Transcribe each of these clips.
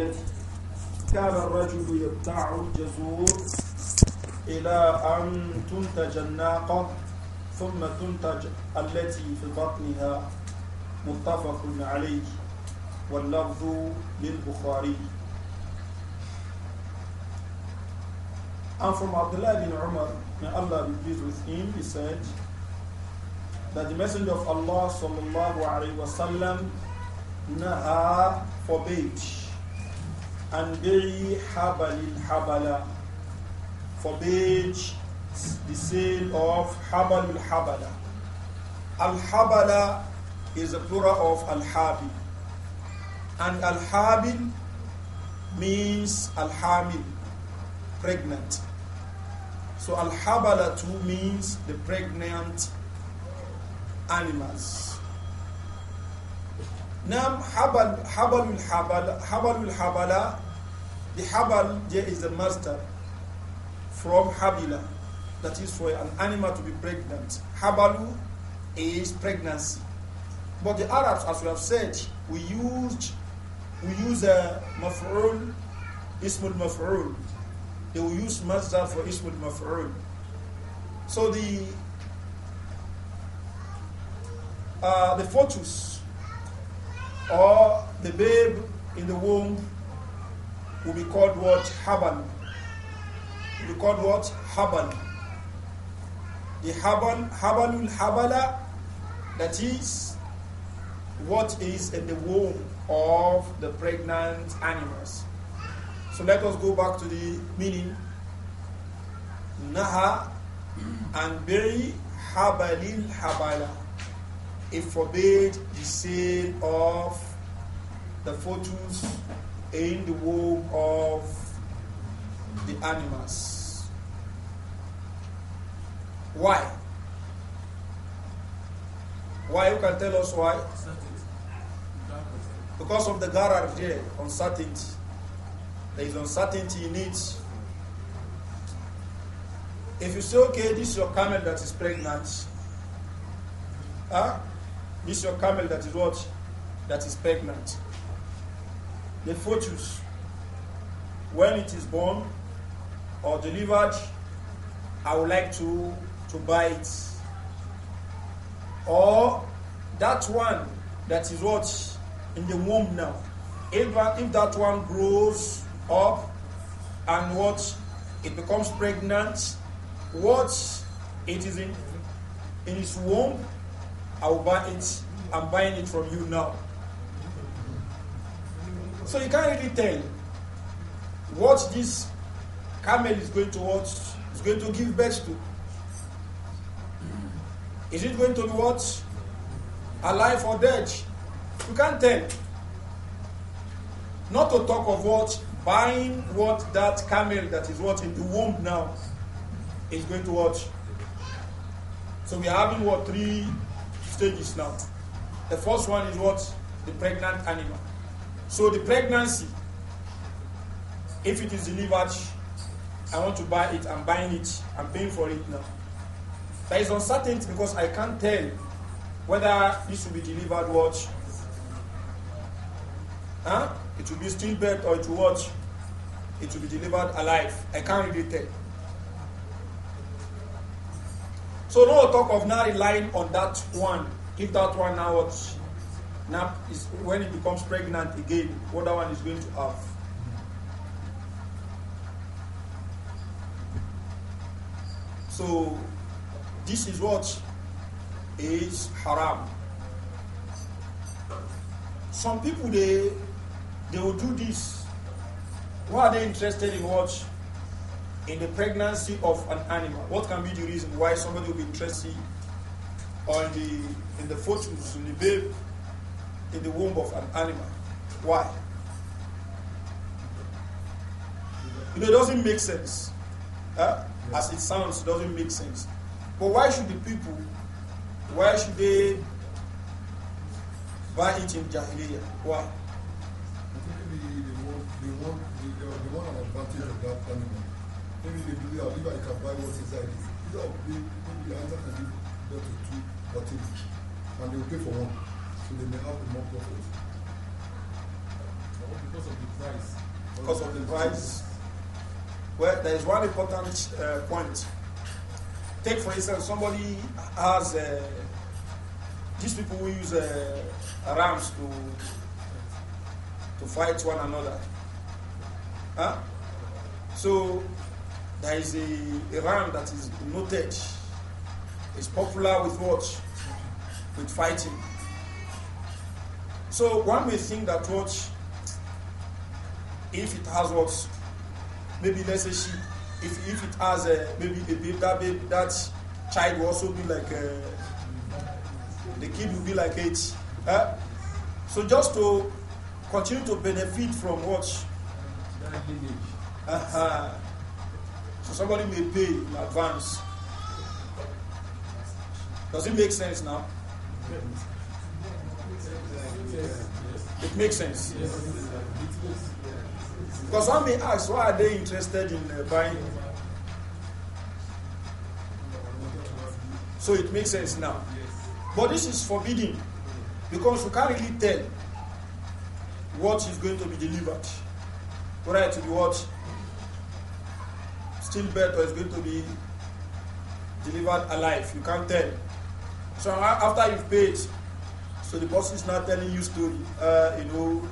قيلت كان الرجل يبتاع الجزور إلى أن تنتج الناقة ثم تنتج التي في بطنها متفق عليه واللفظ للبخاري And from Abdullah bin Umar, may Allah be pleased with him, he said that the Messenger of Allah sallallahu alayhi wa sallam naha forbade and bay habalin habala forbade the sale of habalul habala. Al habala is a plural of al habil, and al habil means al hamil, pregnant. So al habala too means the pregnant animals. Now habal habalul habala habalul habala the habal there is the master from habila, that is for an animal to be pregnant. Habalu is pregnancy. But the Arabs, as we have said, we used we use a uh, maf'ul, ismul maf'ul. They will use master for ismul maf'ul. So the uh, the fetus or the babe in the womb will be called what? Haban. Will be called what? Haban. The Haban, Habanul Habala, that is what is in the womb of the pregnant animals. So let us go back to the meaning. Naha and bury Habalil Habala. It forbade the sale of the photos in the womb of the animals. Why? Why? You can tell us why? Because of the garage there, uncertainty. There is uncertainty in it. If you say, okay, this is your camel that is pregnant, huh? this is your camel that is what? That is pregnant the fetus when it is born or delivered, I would like to, to buy it. Or that one that is what in the womb now. If, if that one grows up and what it becomes pregnant, what it is in, in its womb, I will buy it. I'm buying it from you now. So you can't really tell what this camel is going to what is going to give birth to. Is it going to be what? Alive or dead? You can't tell. Not to talk of what buying what that camel that is what in the womb now is going to watch. So we are having what three stages now. The first one is what the pregnant animal. So the pregnancy, if it is delivered, I want to buy it, I'm buying it, I'm paying for it now. There is uncertainty because I can't tell whether this will be delivered what. Huh? It will be stillbirth or it will what? It will be delivered alive. I can't really tell. So no talk of not relying on that one. If that one now what now, is when it becomes pregnant again, what that one is going to have. So, this is what is haram. Some people they they will do this. Why are they interested in what? In the pregnancy of an animal. What can be the reason why somebody will be interested on the in the photos, in the babe? in the womb of an animal. Why? You know, it doesn't make sense. Huh? As it sounds, it doesn't make sense. But why should the people, why should they buy it in Jahiliyyah? Why? they want an advantage of that animal. Maybe they believe that if I can buy what's inside it, either of them, maybe the answer can be better two or three, and they will pay for one so they may more profit. because of the price. Because of the price. Well, there is one important uh, point. Take, for instance, somebody has uh, these people who use uh, rams to to fight one another. Huh? So there is a, a ram that is noted. It's popular with what? With fighting. So one may think that what if it has what maybe let's say she if if it has a, uh, maybe a baby, that that child will also be like a, uh, the kid will be like it, Eh? So just to continue to benefit from what uh-huh. So somebody may pay in advance. Does it make sense now? Yes. It makes sense. Because I may ask, why are they interested in uh, buying? So it makes sense now. But this is forbidden because you can't really tell what is going to be delivered. Whether it will be what? Still better is going to be delivered alive. You can't tell. So uh, after you've paid so the boss is now telling you story. Uh, you know,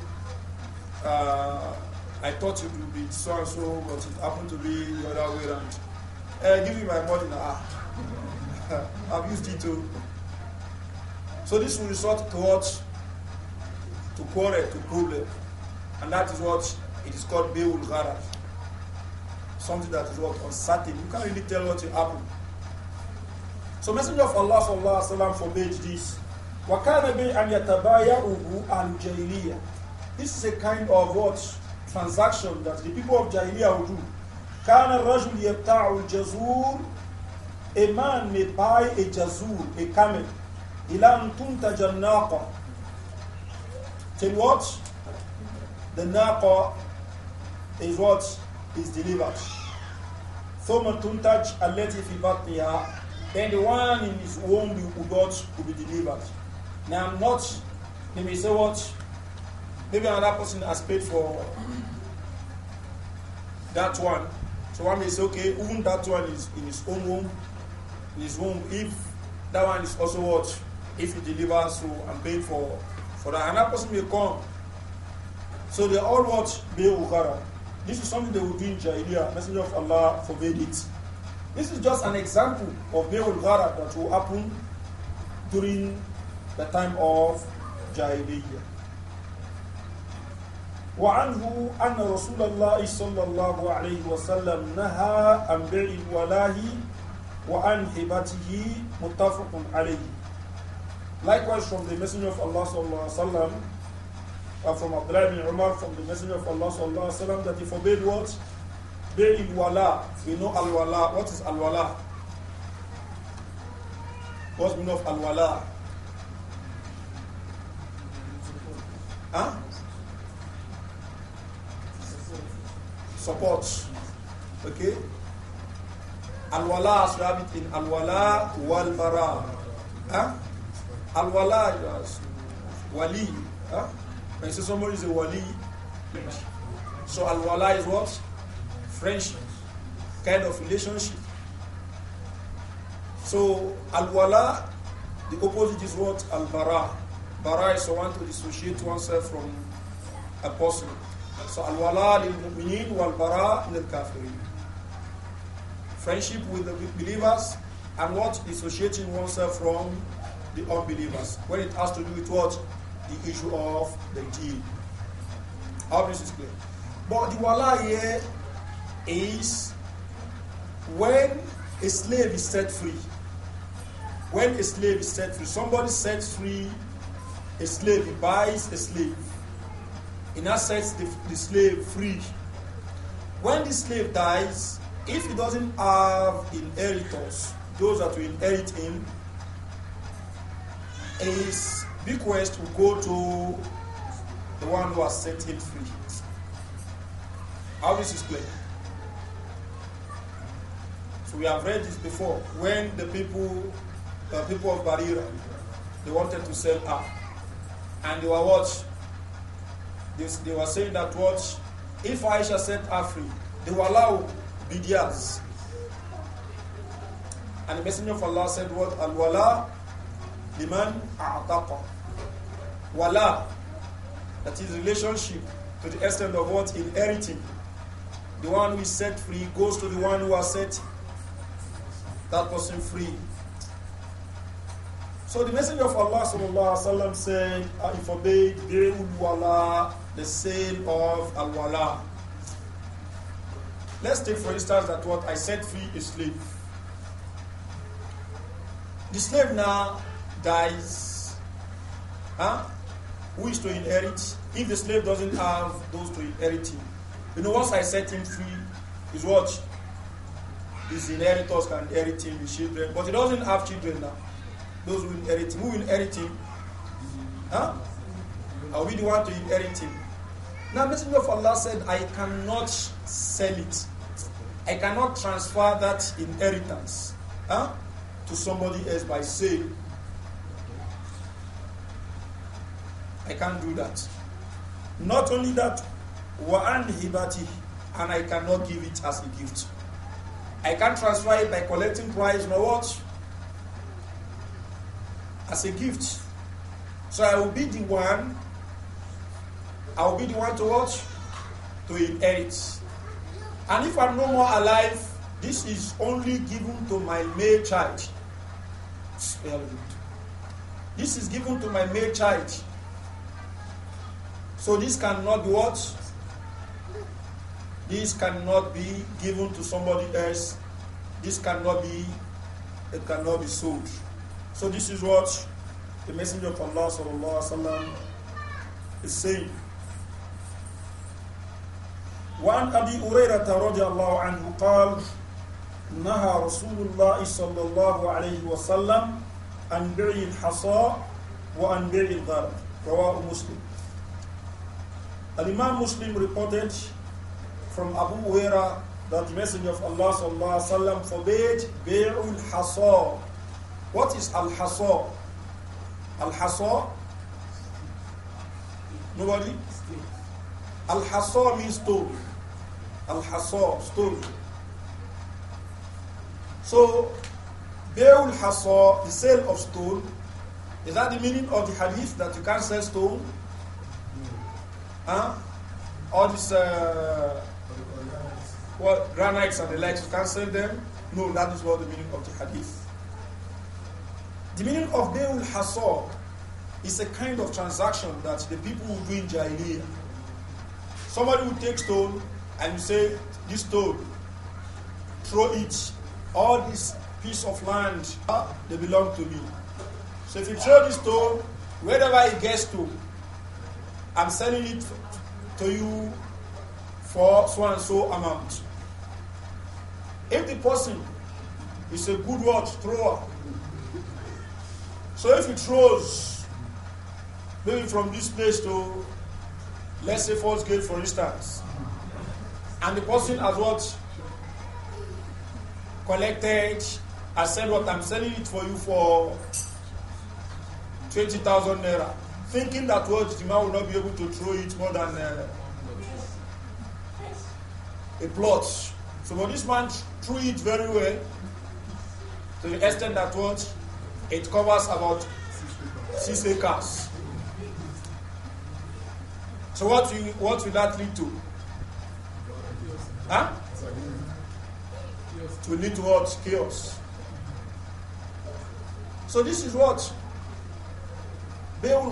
uh, I thought it would be so and so, but it happened to be the other way around. Uh, give me my money now. Ah. I've used it too. So this will result to To quarrel, to problem. And that is what it is called Beul Gharaf. Something that is what? Uncertain. You can't really tell what will happen. So Messenger of Allah sallallahu alayhi forbade this. Wakana وَكَانَ بِيْعًا يَتَبَايَعُهُ الْجَاهِلِيَّةِ This is a kind of what? Transaction that the people of Jahiliyyah would do. كَانَ الرَّجُلُ يَبْتَعُ الْجَزُورِ A man may buy a jazur, a camel. إِلَا أَن تُنْتَجَ النَّاقَةِ Till what? The naqa is what? Is delivered. ثُمَّ تُنْتَجْ الَّتِي فِي بَطْنِهَا Then the one in his womb will, will be delivered. Now, I'm not, they may say, what? Maybe another person has paid for that one. So one may say, okay, even that one is in his own home, in his home. If that one is also what? If he delivers, so I'm paying for, for that. Another person may come. So they all watch Beukhara. This is something they will do in Jahiliyyah. Messenger of Allah forbade it. This is just an example of Beukhara that will happen during the time of Jahiliyyah. وعنه أن رسول الله صلى الله عليه وسلم نهى عن بيع الولاه وعن هبته متفق عليه Likewise from the Messenger of Allah صلى الله عليه وسلم uh, from Abdullah bin Umar from the Messenger of Allah صلى الله عليه وسلم that he forbade what? بيع الولاء We know al-wala. What is al-wala? What's meaning of al-wala? Huh? Support. Okay? Al-wala, as we have it in al-wala wal-bara. Huh? Al-wala, yes. Wali. Huh? When you say somebody is a wali, so al-wala is what? Friendship. Kind of relationship. So al-wala, the opposite is what? Al-bara. Bara is one to dissociate oneself from apostle. So al-wala lil-mu'minin wal-bara lil-kafirin. Friendship with the believers and what dissociating oneself from the unbelievers. When it has to do with what? The issue of the deed. How this is clear. But the wala here is when a slave is set free. When a slave is set free, somebody sets free a slave, he buys a slave. He now sets the, the slave free. When the slave dies, if he doesn't have inheritors, those that will inherit him, his bequest will go to the one who has set him free. How is this played? So we have read this before. When the people, the people of Barira, they wanted to sell out. And they were what? They, they were saying that what? If Aisha set her free, they will allow bidyas. And the Messenger of Allah said what? Al-wala liman a'taqa. Wala. That is relationship to the extent of what? Inheriting. The one who is set free goes to the one who has set that person free. So the Messenger of Allah وسلم, said, ah, I forbade the sale of al wala. Let's take for instance that what I set free is slave. The slave now dies. Huh? Who is to inherit? If the slave doesn't have those to inherit him, you know, once I set him free, his what? His inheritors can inherit him, his children. But he doesn't have children now those who inherit him. Who inherit him? Huh? Are we the one to inherit him? Now, Messenger of Allah said, I cannot sell it. I cannot transfer that inheritance huh, to somebody else by sale. I can't do that. Not only that, wa'an hibati, and I cannot give it as a gift. I can't transfer it by collecting price, you know what? as a gift. So I will be the one, I will be the one to watch, to inherit. And if I'm no more alive, this is only given to my male child. This is given to my male child. So this cannot be what? This cannot be given to somebody else. This cannot be, it cannot be sold. So this is what the Messenger of Allah وسلم, is saying. وعن أبي هريرة رضي الله عنه قال نهى رسول الله صلى الله عليه وسلم عن بيع الحصى وعن بيع الغرب رواه مسلم Al-Imam Muslim reported from Abu Huraira that the Messenger of Allah صلى الله عليه وسلم forbade بيع الحصى. What is al-hasa? Al-hasa? Nobody? Al-hasa means stone. Al-hasa, stone. So, Be'ul hasa, the sale of stone, is that the meaning of the hadith that you can't sell stone? Huh? All these uh, what, granites and the likes, you can't sell them? No, that is what the meaning of the hadith. The meaning of Deul Hasor is a kind of transaction that the people will do in Jahiliyyah. Somebody will take stone and you say, this stone, throw it, all this piece of land, they belong to me. So if you throw this stone, wherever it gets to, I'm selling it to you for so and so amount. If the person is a good word thrower, so if it rose, maybe from this place to, let's say, Falls Gate, for instance, and the person has what? Collected, I said what I'm selling it for you for 20,000 naira, thinking that what the man will not be able to throw it more than uh, a plot. So, when this man threw it very well to the extent that what it covers about six acres. So what will, what will that lead to? Huh? To lead to what? Chaos. So this is what? Beul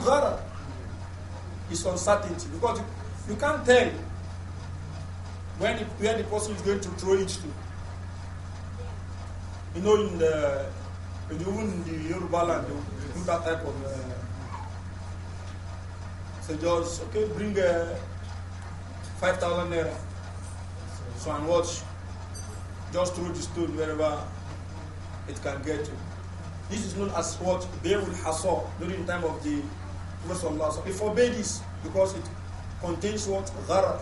is uncertainty because you, can't tell when where the person is going to throw it to. You know, in the even the Yoruba land, do oh. that type of. Uh, so just, okay, bring uh, eh, 5,000 naira. So and watch. Just throw the stone wherever it can get to. This is known as what have saw. during the time of the Prophet. It forbade this because it contains what? Gharar.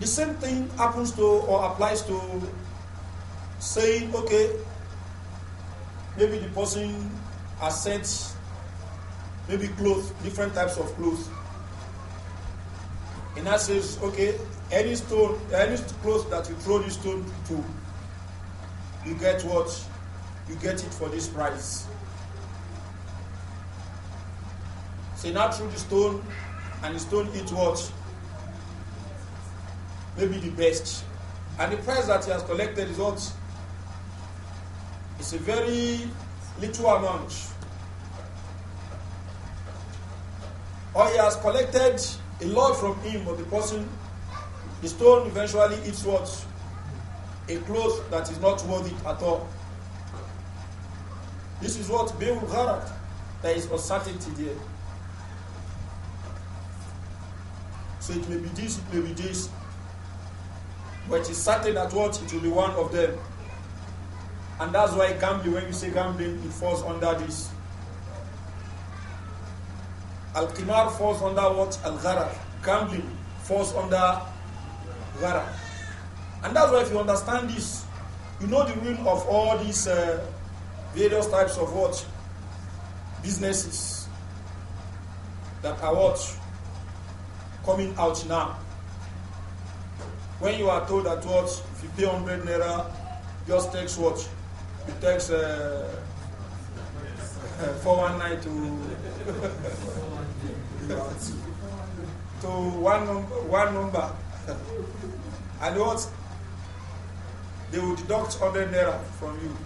The same thing happens to or applies to saying, okay, maybe the person has sent maybe clothes, different types of clothes. And that says, okay, any stone, any clothes that you throw this stone to, you get what? You get it for this price. So now throw the stone, and the stone eats what? maybe the best. And the price that he has collected is what? It's a very little amount. Or he has collected a lot from him, but the person, the stone eventually eats what? A cloth that is not worth it at all. This is what Beul Gharat. There is uncertainty there. So it may be this, it may be this. But it's certain that what it will be one of them. And that's why gambling, when you say gambling, it falls under this. Al Qimar falls under what? Al Ghara. Gambling falls under Ghara. And that's why if you understand this, you know the rule of all these uh, various types of what? Businesses that are what? Coming out now when you are told that what, if you pay 100 naira, just takes what? It takes uh, 419 to, to one, number one number. and what? They will deduct 100 naira from you.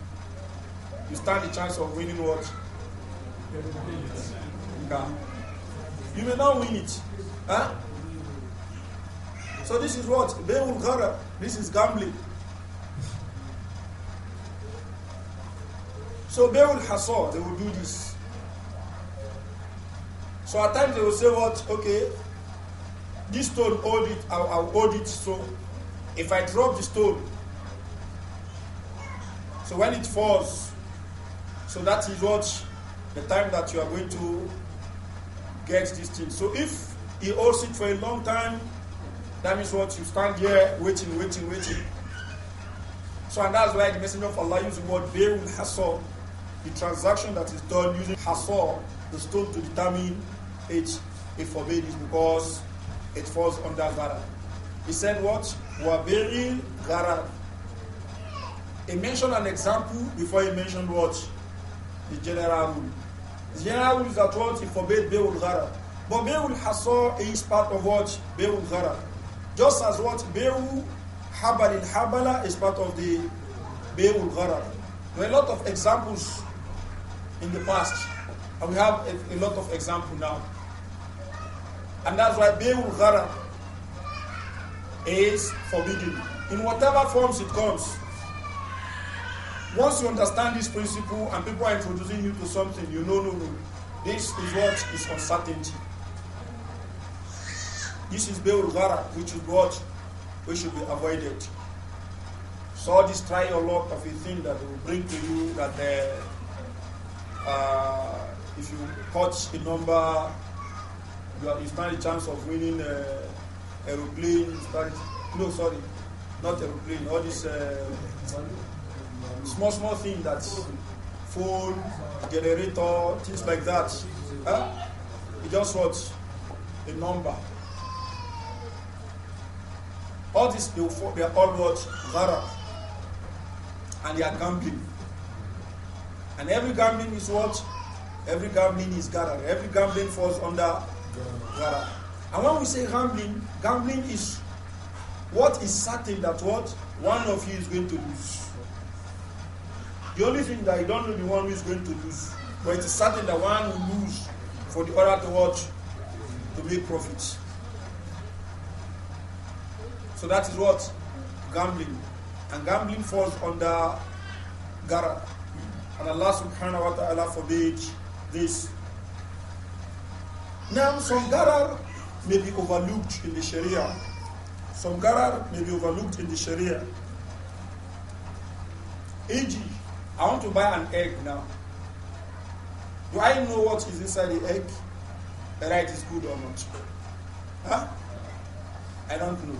You stand the chance of winning what? You, you may not win it. Huh? So this is what? will gather. This is gambling. So will Hasor, they will do this. So at times they will say what? Okay, this stone hold it, I'll, I'll hold it. So if I drop the stone, so when it falls, so that is what the time that you are going to get this thing. So if he holds it for a long time, that means what you stand here waiting, waiting, waiting. So and that's why the messenger of Allah used the word bayul Hasor, the transaction that is done using Hasor, the stone to determine it, It forbade because it falls under Gara. He said what? Waberil Gara. He mentioned an example before he mentioned what? The general rule. The general rule is that what? He forbade bayul Gara. But Beirul Hasor is part of what? bayul Gara. Just as what Bewu Habal in Habala is part of the Bewu Gharar. There are a lot of examples in the past, and we have a, a lot of example now. And that's why Bewu Gharar is forbidden in whatever forms it comes. Once you understand this principle and people are introducing you to something, you know, no, no. This is what is uncertainty. This is Beul which is what we should be avoided. So try a lot of a thing that will bring to you that the, uh, uh, if you catch a number, you, are, you stand a chance of winning uh, aeroplane. Stand, no, sorry, not aeroplane. All this uh, small, small thing that phone, generator, things like that. Huh? just want a number. All this they, they are all what? Gharar. And they are gambling. And every gambling is what? Every gambling is gara. Every gambling falls under gara, And when we say gambling, gambling is what is certain that what? One of you is going to lose. The only thing that you don't know the one who is going to lose. But it is certain that one will lose for the other to watch to make profits. So that is what? Gambling. And gambling falls under gara. And Allah subhanahu wa ta'ala forbade this. Now, some garar may be overlooked in the Sharia. Some garar may be overlooked in the Sharia. E.g., I want to buy an egg now. Do I know what is inside the egg? Whether it is good or not? Huh? I don't know.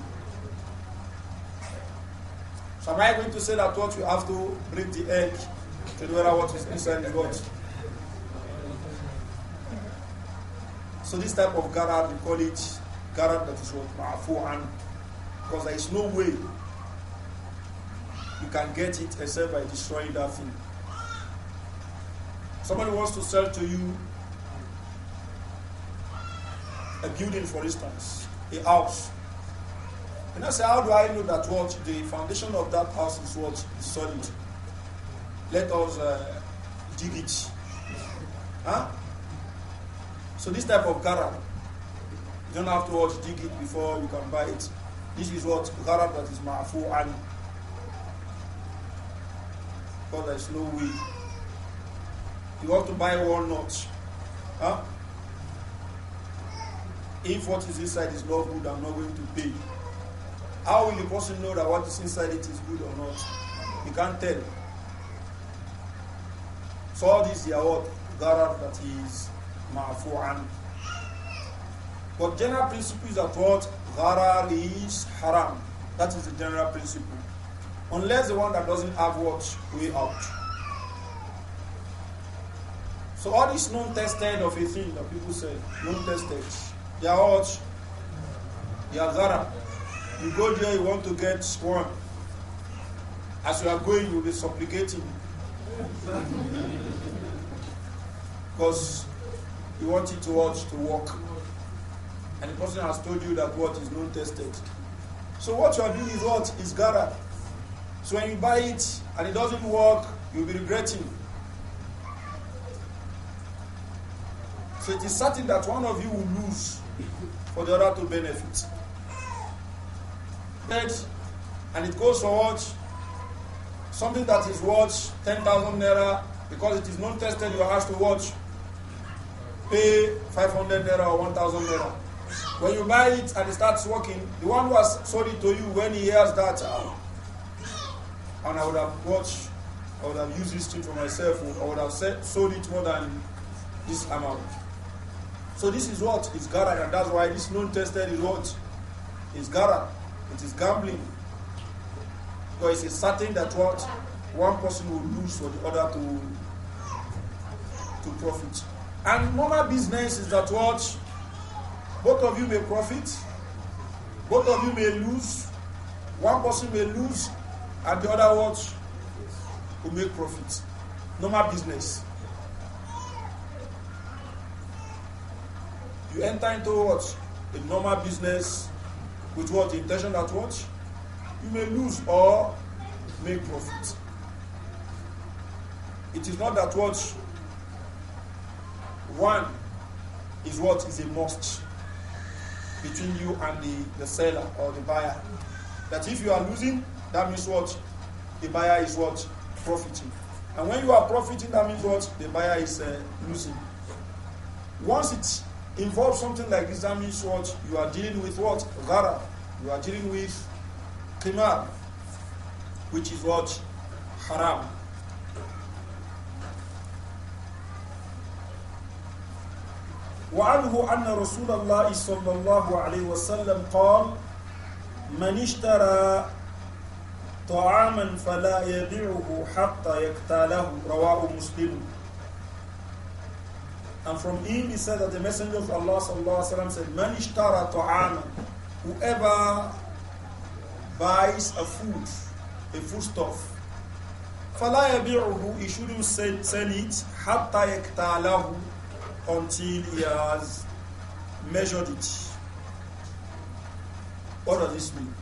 So am I going to say that what you have to break the egg to know whether what is inside is what? So this type of garad, we call it garad that is what and Because there is no way you can get it except by destroying that thing. Somebody wants to sell to you a building, for instance, a house. I say, how do I know that what the foundation of that house is what is solid? Let us uh, dig it. Huh? So this type of garab, you don't have to watch dig it before you can buy it. This is what garab that is ma'fu an. Because there is no way. You want to buy walnut. Huh? If what is inside is not good, I'm not going to pay. How will the person know that what is inside it is good or not? You can't tell. So all these are what gharar that is ma'fu'an. But general principle is that what gharar is haram. That is the general principle. Unless the one that doesn't have what way out. So all this non-tested of a thing that people say, non-tested, they are what? They are gharar. You go there, you want to get sworn. As you are going, you'll be supplicating. because you want it to watch to work. And the person has told you that what is not tested. So what you are doing is what? Is gara. So when you buy it and it doesn't work, you'll be regretting. So it is certain that one of you will lose for the other to benefit and it goes for what? Something that is worth 10,000 naira because it is non tested, you have to watch. Pay 500 naira or 1,000 naira. When you buy it and it starts working, the one who has sold it to you when he hears that, uh, and I would have watched, I would have used this thing for myself, I would have set, sold it more than this amount. So this is what is gara, and that's why this non-tested is what is gara. It is gambling. Because it's certain that what one person will lose for the other to to profit. And normal business is that what both of you may profit, both of you may lose, one person may lose, and the other what will make profit. Normal business. You enter into what? A normal business with what? intention that what? You may lose or make profit. It is not that what one is what is a must between you and the, the seller or the buyer. That if you are losing, that means what? The buyer is what? Profiting. And when you are profiting, that means what? The buyer is uh, losing. Once it involves something like this, that means what? You are dealing with what? Ghara. You are dealing with qimar, which is what? Haram. وعنه أن رسول الله صلى الله عليه وسلم قال من اشترى طعاما فلا يبيعه حتى يقتله رواه مسلم and from him he said that the Messenger of Allah وسلم, said, Man ishtara ta'ama, whoever buys a food, a foodstuff, فَلَا يَبِعُهُ He shouldn't sell it hatta يَكْتَعْلَهُ Until he has measured it. What does this mean?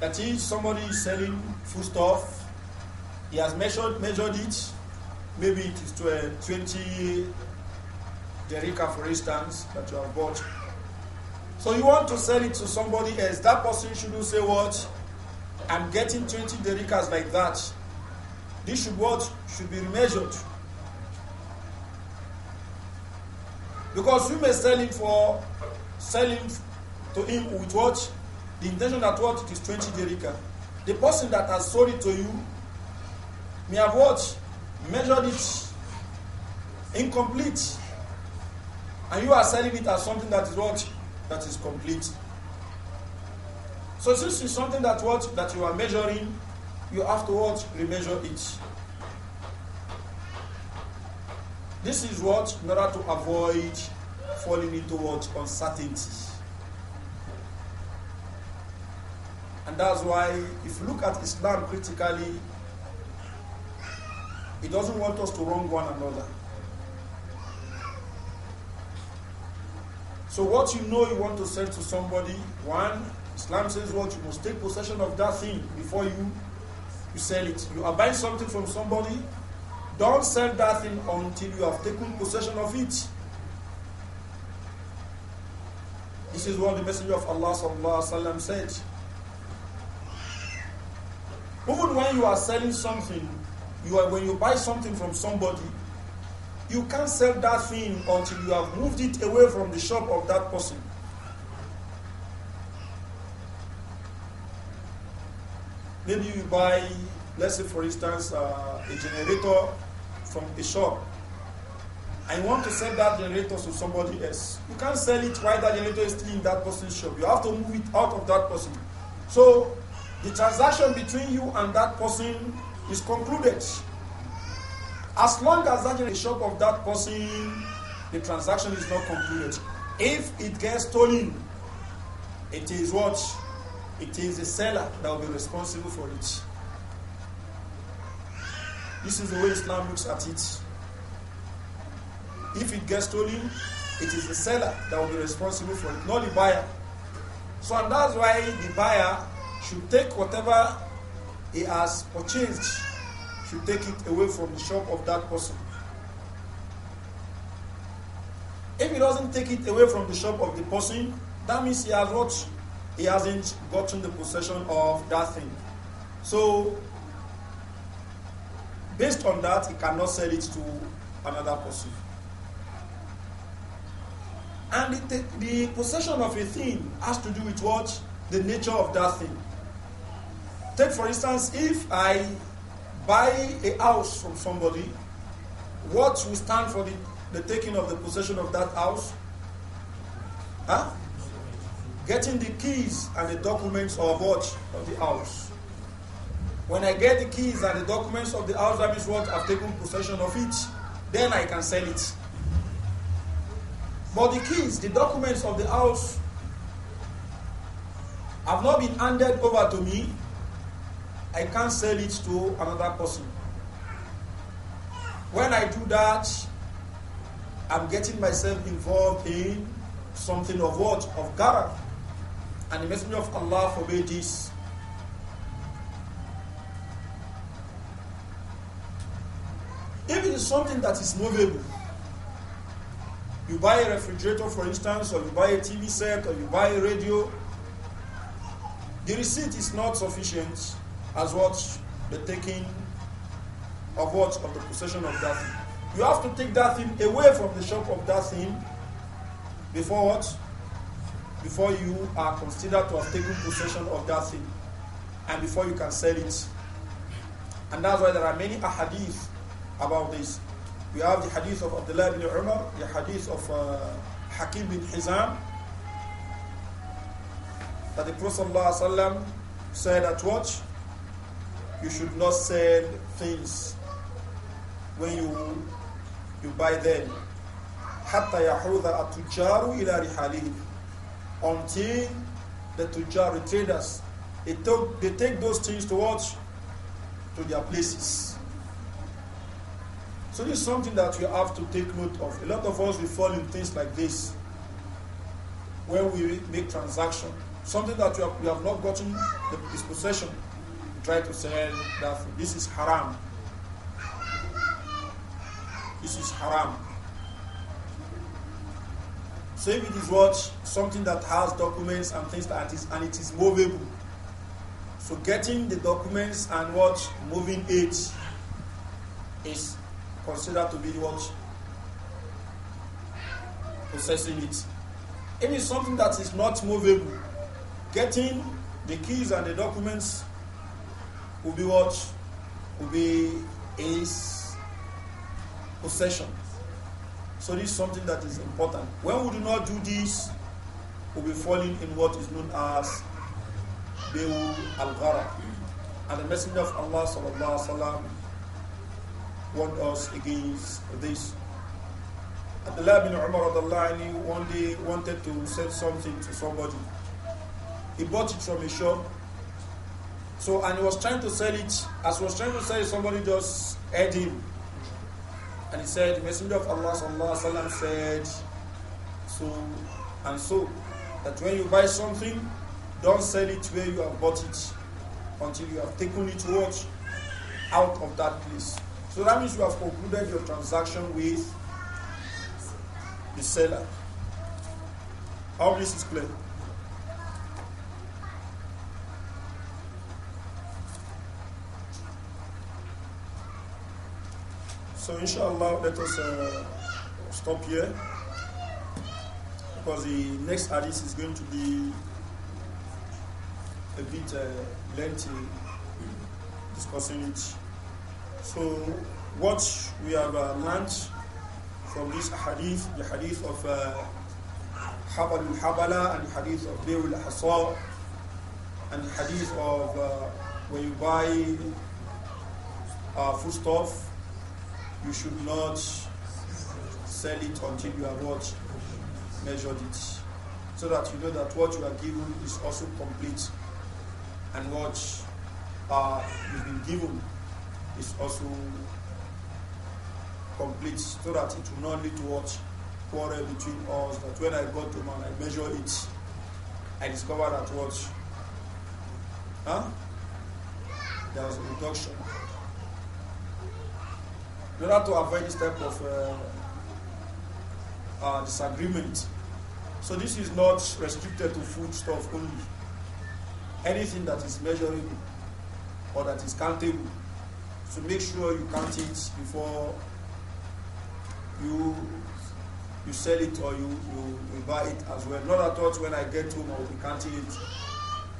That is, somebody is selling foodstuff, he has measured, measured it, maybe it is 20 Derica, for instance, that you have bought. So you want to sell it to somebody else. That person shouldn't say, What? I'm getting 20 Dericas like that. This should what? Should be measured. Because you may sell it for selling to him with what? The intention that what it is 20 Derica. The person that has sold it to you may have what? measured it incomplete. And you are selling it as something that is what? That is complete. So since it's something that what that you are measuring, you have to what? Remeasure it. This is what in order to avoid falling into what uncertainty. And that's why if you look at Islam critically, he doesn't want us to wrong one another. So what you know you want to sell to somebody, one, Islam says what you must take possession of that thing before you you sell it. You are buying something from somebody, don't sell that thing until you have taken possession of it. This is what the Messenger of Allah وسلم, said. Even when you are selling something, you are, when you buy something from somebody, you can't sell that thing until you have moved it away from the shop of that person. Maybe you buy, let's say for instance, uh, a generator from a shop. I want to sell that generator to somebody else. You can't sell it while that generator is still in that person's shop. You have to move it out of that person. So the transaction between you and that person is concluded. As long as that is in the shop of that person, the transaction is not concluded. If it gets stolen, it is what? It is the seller that will be responsible for it. This is the way Islam looks at it. If it gets stolen, it is the seller that will be responsible for it, not the buyer. So, and that's why the buyer should take whatever he has purchased should take it away from the shop of that person. If he doesn't take it away from the shop of the person, that means he has not he hasn't gotten the possession of that thing. So based on that, he cannot sell it to another person. And the possession of a thing has to do with what? The nature of that thing. Take for instance, if I buy a house from somebody, what will stand for the, the taking of the possession of that house? Huh? Getting the keys and the documents of what? Of the house. When I get the keys and the documents of the house, that means what? I've taken possession of it. Then I can sell it. But the keys, the documents of the house, have not been handed over to me I can't sell it to another person. When I do that, I'm getting myself involved in something of what? Of God, And the Messenger of Allah forbade this. If it is something that is movable, you buy a refrigerator, for instance, or you buy a TV set, or you buy a radio, the receipt is not sufficient as what? The taking of what? Of the possession of that thing. You have to take that thing away from the shop of that thing before what? Before you are considered to have taken possession of that thing and before you can sell it. And that's why there are many ahadith about this. We have the hadith of Abdullah bin Umar, the hadith of uh, Hakim bin Hizam, that the Prophet ﷺ said that what? you should not sell things when you you buy them. Hatta يحوذ التجار إلى رحالهم until the tujjar, traders, they, took, they take those things to watch to their places. So this is something that we have to take note of. A lot of us we fall in things like this when we make transaction, something that we have, we have not gotten the, his possession try to sell that this is haram. This is haram. So if it is what something that has documents and things that is and it is movable. So getting the documents and what moving it is considered to be what possessing it. If it is something that is not movable, getting the keys and the documents will be what? Will be his possession. So this is something that is important. When we do not do this, we'll be falling in what is known as Beul al Ghara. And the Messenger of Allah sallallahu warned us against this. Abdullah bin Umar one day wanted to sell something to somebody. He bought it from a shop so, and he was trying to sell it. As he was trying to sell it, somebody just heard him. And he said, the Messenger of Allah sallam, said, so and so, that when you buy something, don't sell it where you have bought it until you have taken it what? out of that place. So that means you have concluded your transaction with the seller. All this is clear. So inshallah, let us uh, stop here because the next hadith is going to be a bit uh, lengthy discussing it. So what we have uh, learned from this hadith, the hadith of uh, Habal al-Habala and the hadith of Bew al-Hasa and the hadith of uh, when you buy uh, foodstuff you should not sell it until you have what measured it. So that you know that what you are given is also complete and what uh, you've been given is also complete so that it will not lead to what quarrel between us that when I got to man I measure it I discover that what huh? there was a reduction in order to avoid this type of uh, uh, disagreement. So this is not restricted to food stuff only. Anything that is measurable or that is countable. So make sure you count it before you you sell it or you, you, you buy it as well. Not at all when I get home I'll be counting it.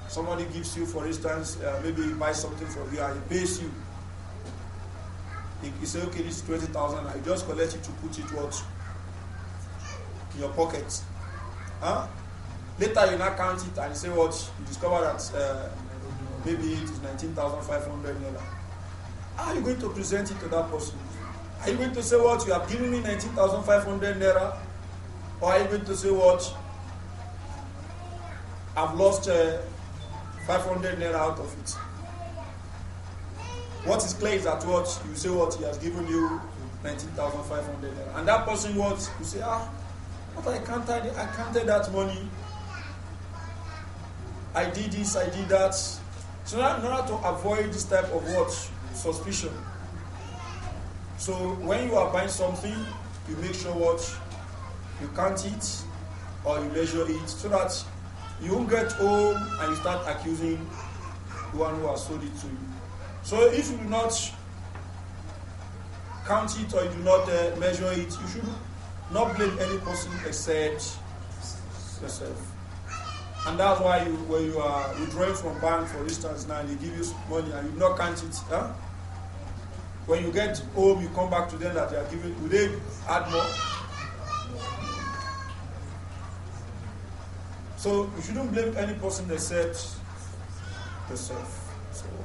Somebody gives you, for instance, uh, maybe buy something from you and he pays you if you say, okay, this is 20,000, I just collect it to put it what? In your pocket. Huh? Later you now count it and you say what? You discover that uh, maybe it is 19,500 naira. How are you going to present it to that person? Are you going to say what? You have given me 19,500 naira? Or are you going to say what? I've lost uh, 500 naira out of it. What is clear is that what you say what he has given you 19,500 and that person what you say ah but I counted I counted that money I did this I did that so now in order to avoid this type of what suspicion so when you are buying something you make sure what you count it or you measure it so that you won't get home and you start accusing the one who has sold it to you so if you do not count it or you do not uh, measure it, you should not blame any person except yourself. And that's why you, when you are withdrawing from bank, for instance, now they give you money and you not count it. Huh? When you get home, you come back to them that they are giving. Do they add more? So you shouldn't blame any person except yourself.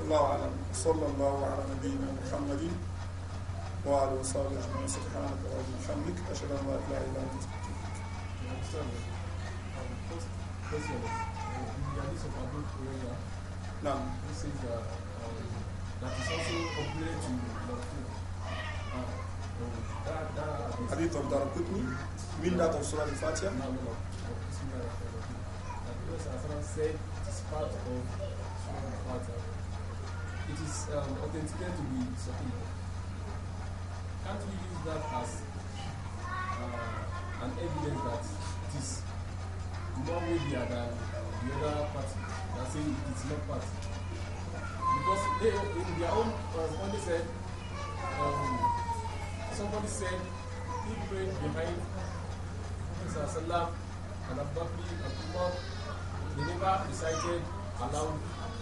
الله أعلم صلى الله على نبينا محمد وعلى وصحبه أجمعين سبحانك اللهم وبحمدك أشهد أن لا إله إلا أنت نعم حديث عبد القطني من ذات سورة الفاتحة نعم نعم it is um, authenticated to be subpoena. Can't we use that as uh, an evidence that it is more media than the other party that say it is not party? Because they, in their own correspondence uh, said, um, somebody said he prayed behind Mr. Sallam and Abu Bakr and Umar. They never recited aloud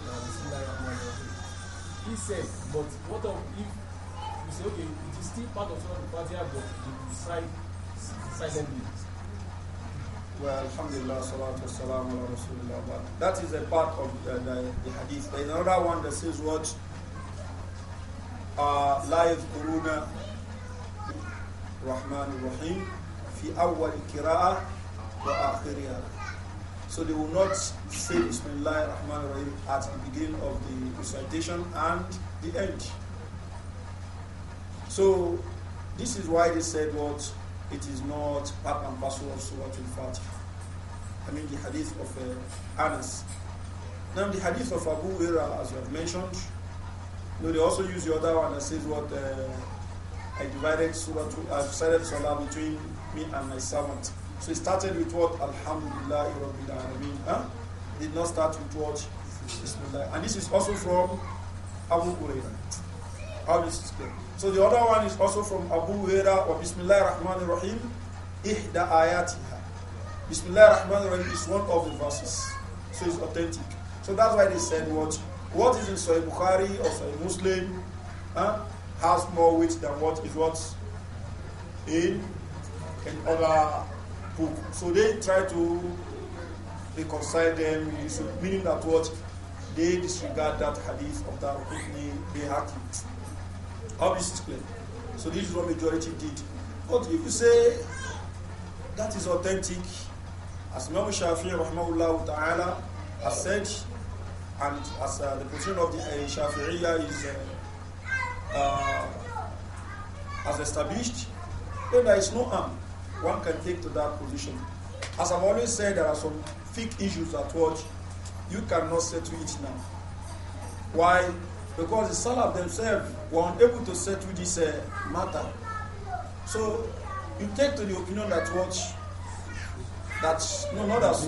uh, Bismillah ar-Rahman he said, but what of if you say, okay, it is still part of the Fatiha, but you decide silently? Well, alhamdulillah, salatu wassalamu ala rasulillah. But that is a part of the, the, the hadith. There is another one that says what? live لا Rahman, Rahim, fi awal أول wa akhiriyah." So they will not say Bismillah Rahman Rahim at the beginning of the recitation and the end. So this is why they said what it is not part and parcel of Surah Al-Fatiha. I mean the hadith of uh, Anas. Now the hadith of Abu Huraira, as you have mentioned, you know, they also use the other one that says what uh, I divided Surah, I decided Salah between me and my servant. So it started with what? Alhamdulillah Rabbil Alameen. Huh? Did not start with what? Bismillah. And this is also from Abu Huraira. How this is clear. So the other one is also from Abu Huraira or Bismillah Rahman Rahim. Ihda ayatiha. Bismillah Rahman Rahim is one of the verses. So it's authentic. So that's why they said what? What is in Sahih Bukhari or Sahih Muslim huh, has more weight than what is what in, in other book. So they try to reconcile them, meaning that what they disregard that hadith of that Rukni Bihaki. Obviously, clear. So this is what majority did. But if you say that is authentic, as Imam Shafi'i rahmahullah ta'ala has said, and as uh, the position of the uh, Shafi'iyya is uh, uh, as established, then there is no harm one can take to that position. As I've always said, there are some fake issues at work. you cannot settle it now. Why? Because the Salaf themselves were unable to settle this uh, matter. So you take to the opinion that what that no not that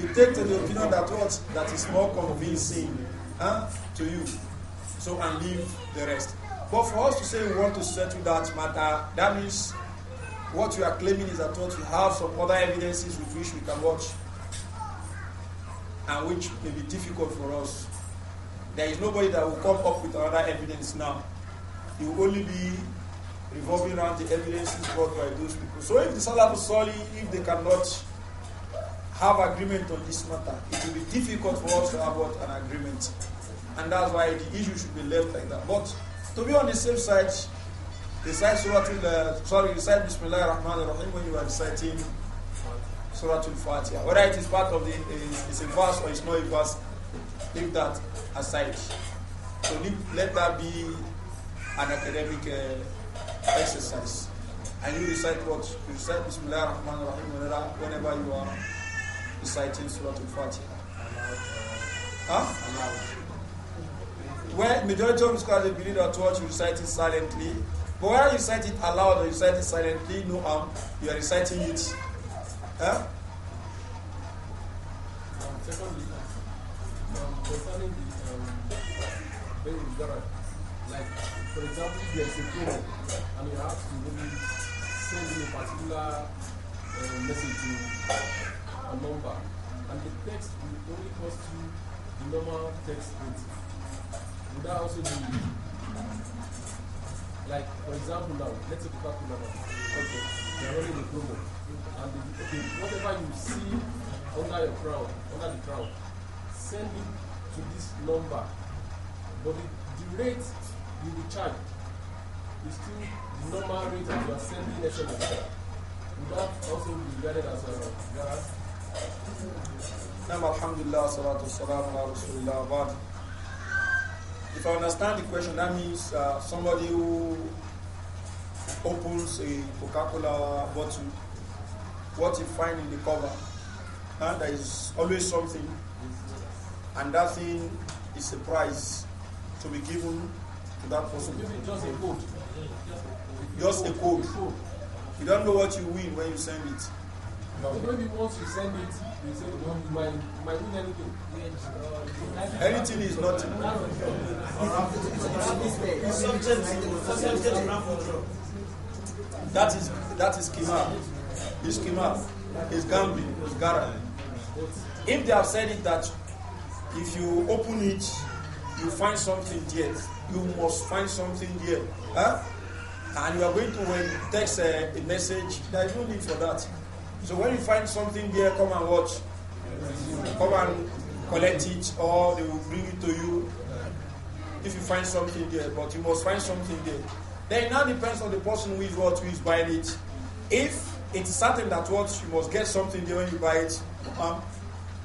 you take to the opinion that what that is more convincing huh, to you. So and leave the rest. But for us to say we want to settle that matter, that means what you are claiming is that we have some other evidences with which we can watch and which may be difficult for us. There is nobody that will come up with another evidence now. It will only be revolving around the evidences brought by those people. So if the Salafus Sali, if they cannot have agreement on this matter, it will be difficult for us to have what, an agreement. And that's why the issue should be left like that. But to be on the safe side, recite Surah al uh, sorry, recite Bismillah Rahman Rahim when you are reciting Surah Al-Fatiha. Whether it is part of the is, is a verse or it's not a verse, leave that aside. So leave, let that be an academic uh, exercise. And you recite what? You recite Bismillah Rahman Rahim whenever you are reciting Surah Al-Fatiha. Huh? where majority of scholars believe that what you recite it silently, but when you recite it aloud or you recite it silently, no harm, you are reciting it. Huh? Um, secondly, um, concerning the um, like for example, there's a prayer and you have to really send a particular message to a number, and the text will only cost you the normal text rate would that also be like, for example, now let's say Coca-Cola. Okay, they're running the promo, and the, okay, whatever you see under your crowd, under the crowd, send it to this number. But the, the rate you will charge is still the normal rate that you are sending SMS. Would that also be regarded as a garage? نعم الحمد لله والصلاة والسلام على رسول الله وبعد if I understand the question, that means uh, somebody who opens a Coca-Cola bottle, what you find in the cover, there is always something, and that thing is a prize to be given to that person. Just a code. Just a code. You don't know what you win when you send it. So maybe once you send it, you say you don't, you might, you might win anything. Anything is not. It's subject to raffle That is that is Kimar. It's Kimar. It's gambling. It's Gara. If they have said it that if you open it, you find something there. You must find something there. Huh? And you are going to text a, uh, a message. There is no need for that. So when you find something there, come and watch. Come and collect it, or they will bring it to you if you find something there. But you must find something there. Then it now depends on the person who is what who is buying it. If it's certain that what you must get something there when you buy it, um,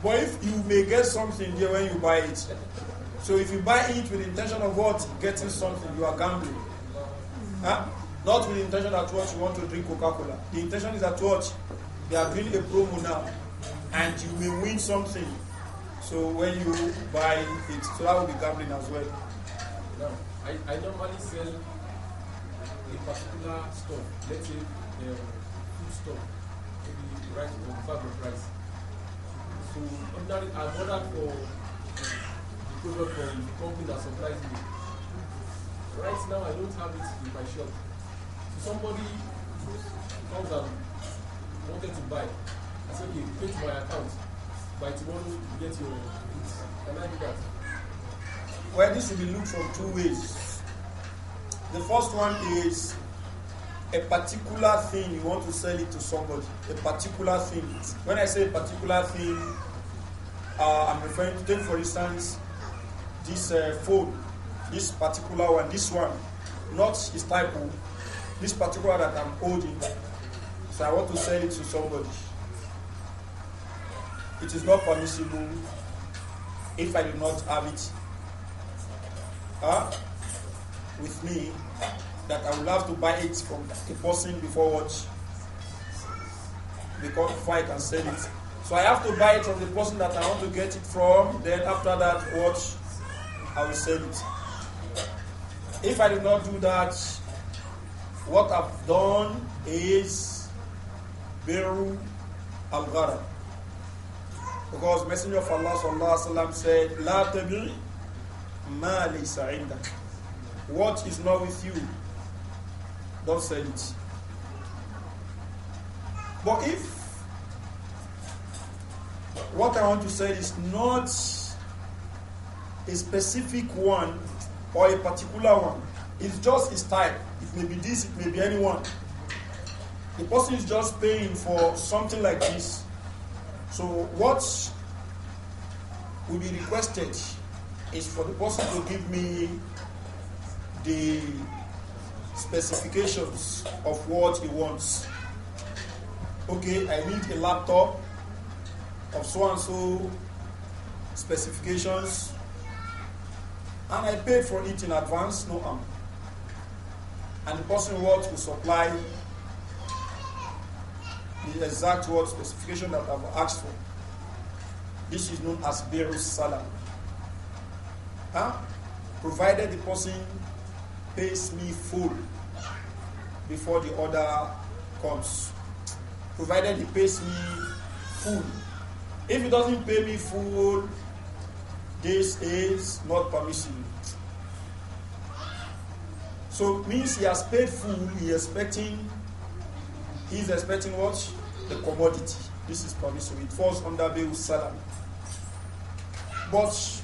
but if you may get something there when you buy it, so if you buy it with the intention of what getting something, you are gambling. Huh? Not with the intention that what you want to drink Coca-Cola. The intention is that what they are doing a promo now, and you may win something. So when you buy it, so that will be gambling as well. I, I normally sell a particular store, let's say um, food store, maybe right or bag price. So under i order for um, the product from the company that supplies me. Right now, I don't have it in my shop. So somebody comes and wanted to buy. I said, okay, pay to my account. By tomorrow, you get your goods. Can I do that? Well, this should be looked from two ways. The first one is a particular thing you want to sell it to somebody. A particular thing. When I say particular thing, uh, I'm referring to, take for instance, this uh, phone, this particular one, this one, not his type, oh. this particular that I'm holding. So I want to sell it to somebody. It is not permissible if I do not have it huh, with me that I will have to buy it from the person before what? Because before I can sell it. So I have to buy it from the person that I want to get it from. Then after that, what? I will sell it. If I do not do that, what I've done is Biru al Because Messenger of Allah sallallahu alaihi wasallam said, La tabi ma laysa indak. What is not with you, don't sell it. But if what I want to say is not a specific one or a particular one, it's just his type. It may be this, it may be anyone the person is just paying for something like this. So what will be requested is for the person to give me the specifications of what he wants. Okay, I need a laptop of so and so specifications, and I paid for it in advance, no harm. And the person what will supply the exact word specification that I've asked for. This is known as Berus Salam. Huh? Provided the person pays me full before the order comes. Provided he pays me full. If he doesn't pay me full, this is not permissible. So means he has paid full, he is expecting He's expecting what? The commodity. This is permissible. It falls under Be'u Salam. But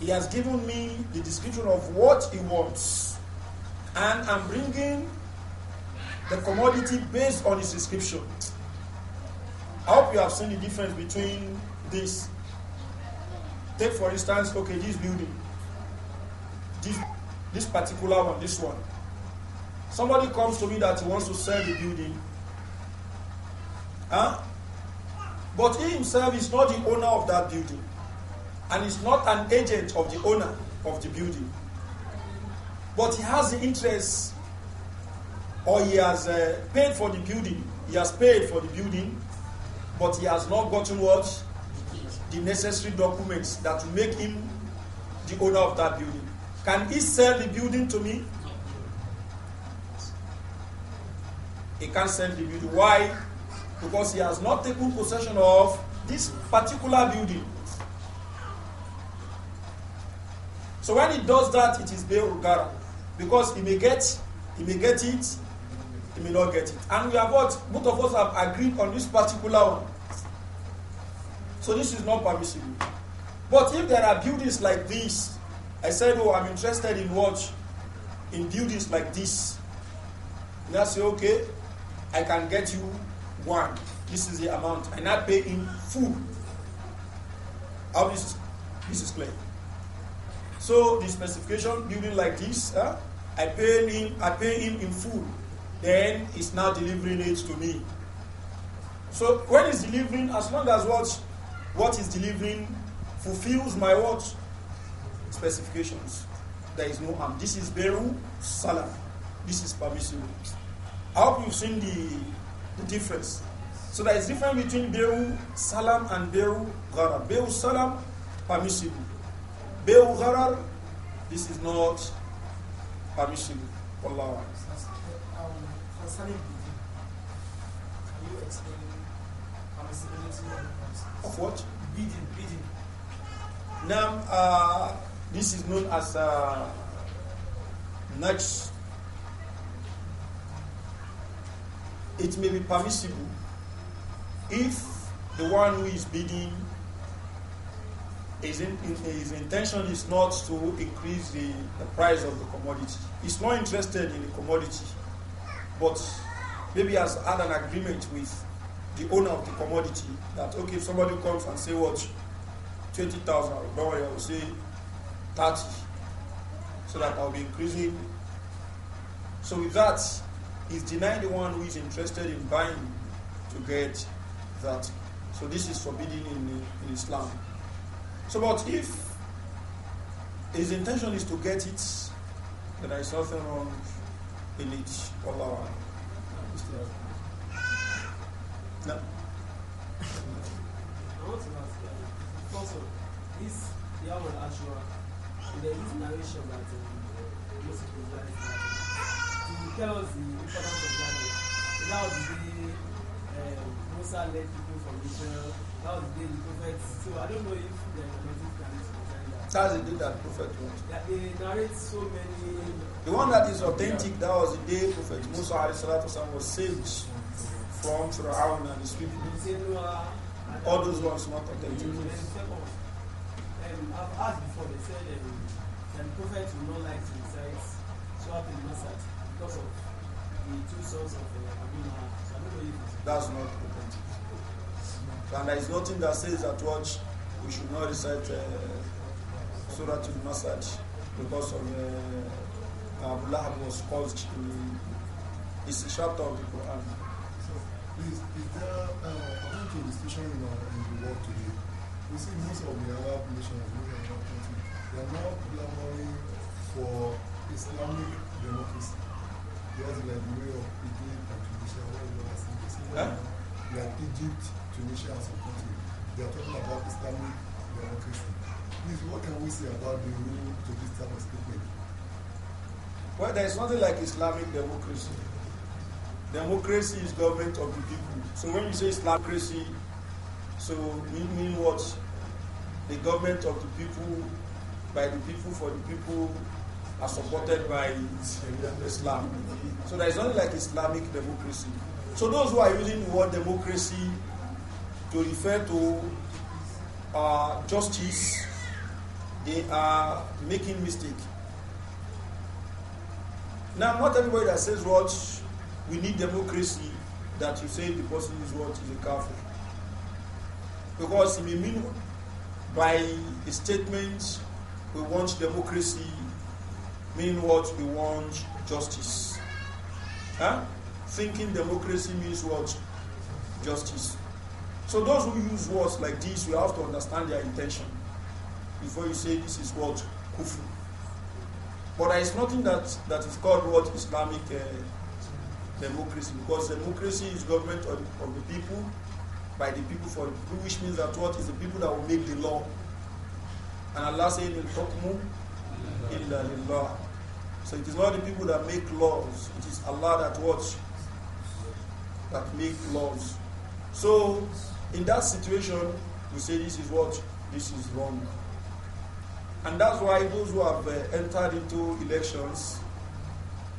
he has given me the description of what he wants. And I'm bringing the commodity based on his description. I hope you have seen the difference between this. Take, for instance, okay, this building, this, this particular one, this one. Somebody comes to me that he wants to sell the building. Huh? But he himself is not the owner of that building. And is not an agent of the owner of the building. But he has the interest or he has uh, paid for the building. He has paid for the building, but he has not gotten what? The necessary documents that will make him the owner of that building. Can he sell the building to me? He can't sell the building. Why? because he has not taken possession of this particular building. So when he does that, it is Gara. Because he may get, he may get it, he may not get it. And we have what both of us have agreed on this particular one. So this is not permissible. But if there are buildings like this, I said, Oh, I'm interested in what? In buildings like this. And I say, okay, I can get you one. This is the amount. And I pay in full. How this, this is clear. So the specification building like this, huh? I pay him, I pay him in full. Then he's now delivering it to me. So when he's delivering, as long as what what is delivering fulfills my what specifications, there is no harm. This is Beru Salah. This is permissible. I hope you've seen the the difference. So there is difference between Be'u Salam and Be'u Gharar. Be'u Salam, permissible. Be'u Gharar, this is not permissible. Allah. Um, can you explain permissibility of what? Bidin, bidin. Now, uh, this is known as uh, Najs it may be permissible if the one who is bidding his, in, his intention is not to increase the, the price of the commodity. He's not interested in the commodity, but maybe has had an agreement with the owner of the commodity that okay, if somebody comes and say what twenty thousand, don't worry, I will say thirty, so that I'll be increasing. So with that, is denying the one who is interested in buying to get that. So this is forbidden in, in Islam. So, but if his intention is to get it, then there is nothing wrong in it. Allah. No. Uh, also, this Yahweh Ashura, there is narration that um, uh, Moses was like, you That was the day um, Musa led people from Israel. That was the day the So I don't know if the that. prophet went. they narrate so many. The one that is authentic, that was the day Prophet Musa was saved from Pharaoh and his people. All those ones not authentic. Um, I've asked before, they said um, the prophet will not like to recite Surah Al-Masad because of the two of uh, That's not the And there is nothing that says that watch we should not recite uh, Surah al Masaj because of uh, Abu was caused in a chapter of the Quran. So, is, is there, uh, according in, uh, in the world today, we see most of the Arab nations, they are not clamoring for Islamic democracy. Just like way of Egypt and Tunisia, where you are seeing this. Huh? Like Egypt, Tunisia, and some countries. They are talking about Islamic democracy. Please, what can we say about the rule to this type of statement? Well, there is nothing like Islamic democracy. Democracy is government of the people. So when you say Islamocracy, so we mean what? The government of the people, by the people, for the people, are supported by Islam. So there is only like Islamic democracy. So those who are using the word democracy to refer to uh, justice, they are making mistake. Now, not everybody that says what we need democracy that you say the person is what is a kafir. Because we mean by a statement we want democracy mean what? We want justice. Huh? Thinking democracy means what? Justice. So those who use words like this, we have to understand their intention before you say this is what kufu. But there is nothing that, that is called what Islamic uh, democracy because democracy is government of, of the people by the people for the people, which means that what is the people that will make the law. And Allah said, in "Will illa lillah. So it is not the people that make laws, it is Allah that watch, that make laws. So in that situation, we say this is what, this is wrong. And that's why those who have uh, entered into elections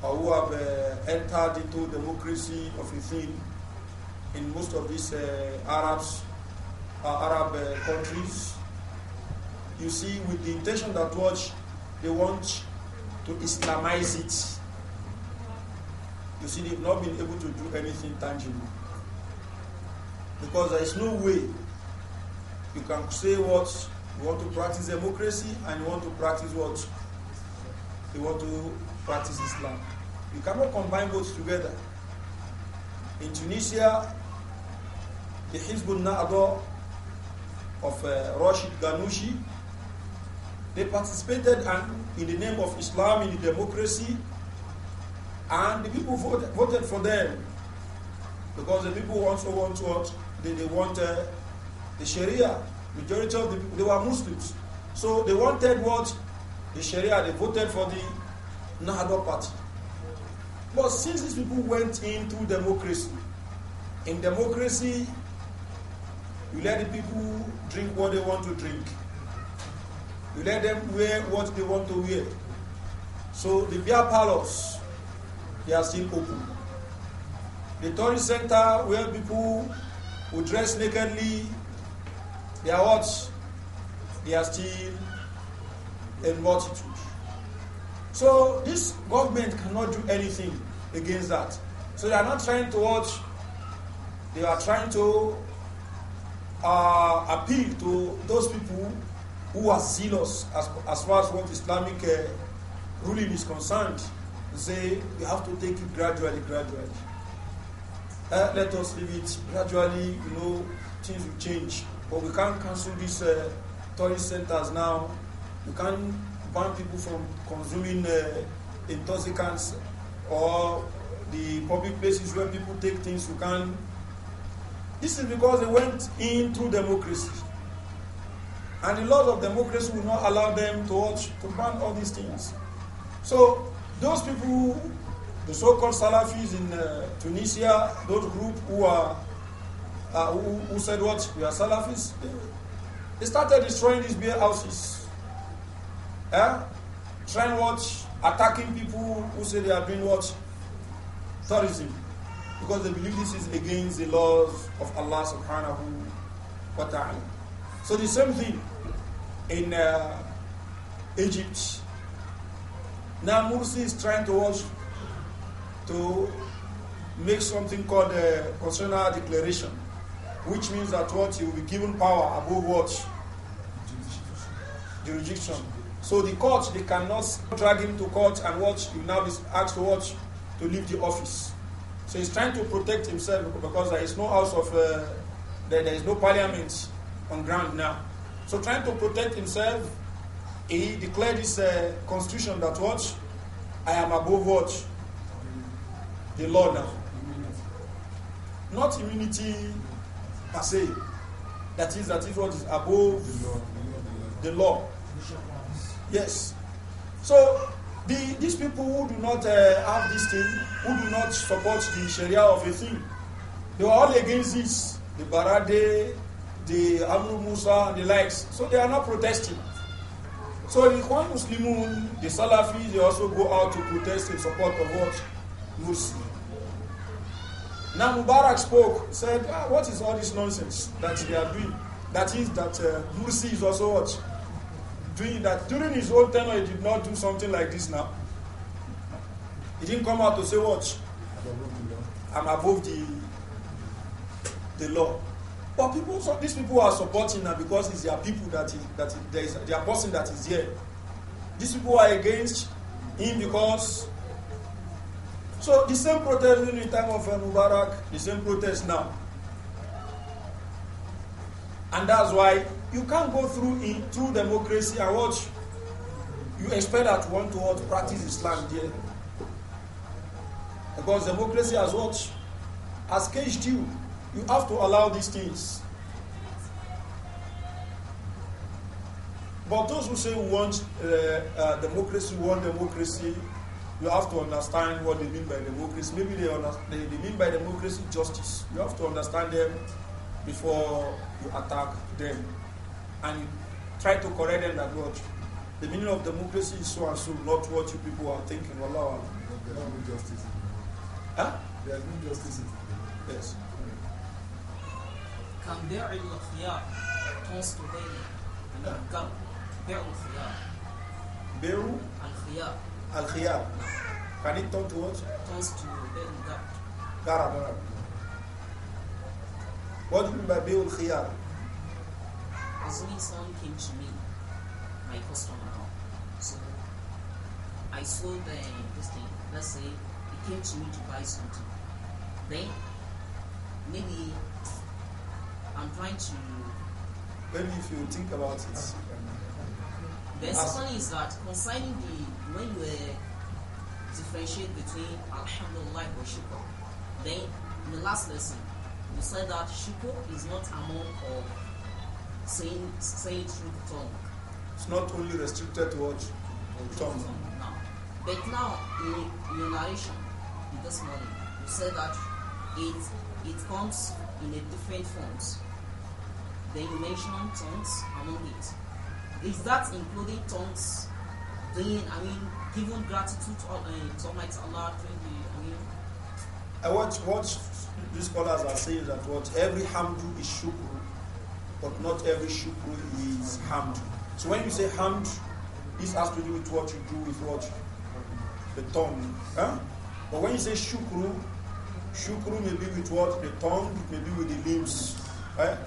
or who have uh, entered into democracy of a thing in most of these uh, Arabs, uh, Arab uh, countries, you see, with the intention that watch they want to Islamize it. You see, they've not been able to do anything tangible. Because there is no way you can say what you want to practice democracy and you want to practice what you want to practice Islam. You cannot combine both together. In Tunisia, the Hizbul of uh, Rashid Ghanouchi they participated and in the name of Islam, in the democracy, and the people voted, voted for them because the people also want what they, they wanted uh, the Sharia. Majority of the people they were Muslims, so they wanted what the Sharia. They voted for the Nahda party. But since these people went into democracy, in democracy, you let the people drink what they want to drink. You let them wear what they want to wear. So the beer parlors, they are still open. The tourist center where people who dress nakedly, they are what? They are still a multitude. So this government cannot do anything against that. So they are not trying to watch, they are trying to uh, appeal to those people who are zealous as, as far as what Islamic uh, ruling is concerned say we have to take it gradually, gradually. Uh, let us leave it gradually, you know, things will change. But we can't cancel these uh, tourist centers now. We can't ban people from consuming uh, intoxicants or the public places where people take things. We can This is because they went in through democracy. And the laws of democracy will not allow them to, watch, to ban all these things. So those people, the so-called Salafis in uh, Tunisia, those group who are uh, who, who, said what we are Salafis, they, they started destroying these beer houses. Eh? Trying what attacking people who say they are doing what terrorism because they believe this is against the laws of Allah Subhanahu wa Taala. So the same thing in uh, Egypt. Now Mursi is trying to watch, to make something called a uh, constitutional declaration, which means that what he will be given power above what jurisdiction. So the court they cannot drag him to court and watch. He now is asked to watch to leave the office. So he's trying to protect himself because there is no house of uh, there, there is no parliament on ground now. So trying to protect himself, he declared his uh, constitution that what? I am above what? The law now. Not immunity per se. That is, that is what is above the law. Yes. So the, these people who do not uh, have this thing, who do not support the Sharia of a thing, they were all against this. The Barade, the Amru Musa and the likes. So they are not protesting. So the Ikhwan Muslimun, the Salafis, they also go out to protest in support of what? Mursi. Now Mubarak spoke, said, ah, what is all this nonsense that they are doing? That is that uh, Mursi is also what? Doing that. During his own tenure, he did not do something like this now. He didn't come out to say what? I'm above the, the law. But people, so these people are supporting him because it's their people that, is, that is, there is their person that is here. These people are against him because. So the same protest in the time of uh, Mubarak, the same protest now. And that's why you can't go through in through democracy and watch. You expect that one to to practice Islam there. Because democracy has what? Has caged you. You have to allow these things. But those who say we want uh, uh, democracy, we want democracy, you have to understand what they mean by democracy. Maybe they, they, they mean by democracy justice. You have to understand them before you attack them. And try to correct them that what the meaning of democracy is so and so, not what you people are thinking. Allah. There's no justice. Huh? There's no justice. Yes. كان بيع الخيار wants to buy القرض بيع الخيار بيع الخيار الخيار Can it turn to what? Turns to بيع القرض What do you mean by بيع الخيار? Assuming someone came to me, my customer now, so I saw the, this thing, let's say he came to me to buy something. Then maybe I'm trying to. Maybe if you think about it. Um, the second is that concerning the when you uh, differentiate between Alhamdulillah or Shukr, then in the last lesson you said that Shukr is not among of saying saying through the tongue. It's not only restricted to what tongue. No, but now in your narration this morning you said that it it comes in a different forms derivation tongues among it. Is that including tongues I mean, giving gratitude to, uh, to Almighty Allah during the, I mean... I watch, watch these scholars are saying that what every hamdu is shukru, but not every shukru is hamd. So when you say hamd, this has to do with what you do with what? The tongue. Huh? But when you say shukru, shukru may be with what? The tongue, may be with the limbs. Right? Eh?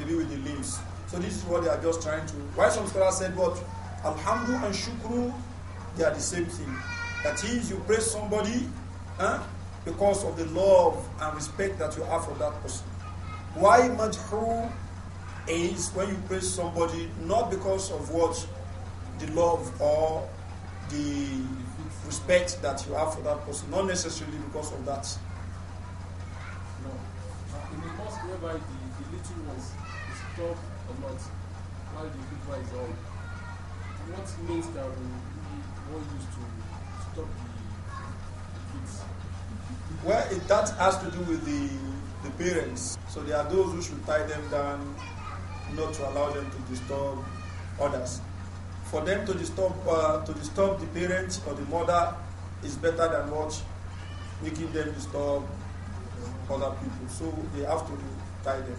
maybe with the leaves. So this is what they are just trying to. Why some scholars said but Alhamdu and Shukru, they are the same thing. That is, you praise somebody huh, eh, because of the love and respect that you have for that person. Why Majhu is when you praise somebody not because of what the love or the respect that you have for that person, not necessarily because of that. No. In the mosque whereby the, the little ones how the is on? What means that we, want you to stop the kids? Well, it, that has to do with the, the parents. So there are those who should tie them down, not to allow them to disturb others. For them to disturb uh, to disturb the parents or the mother is better than what making them disturb other people. So they have to tie them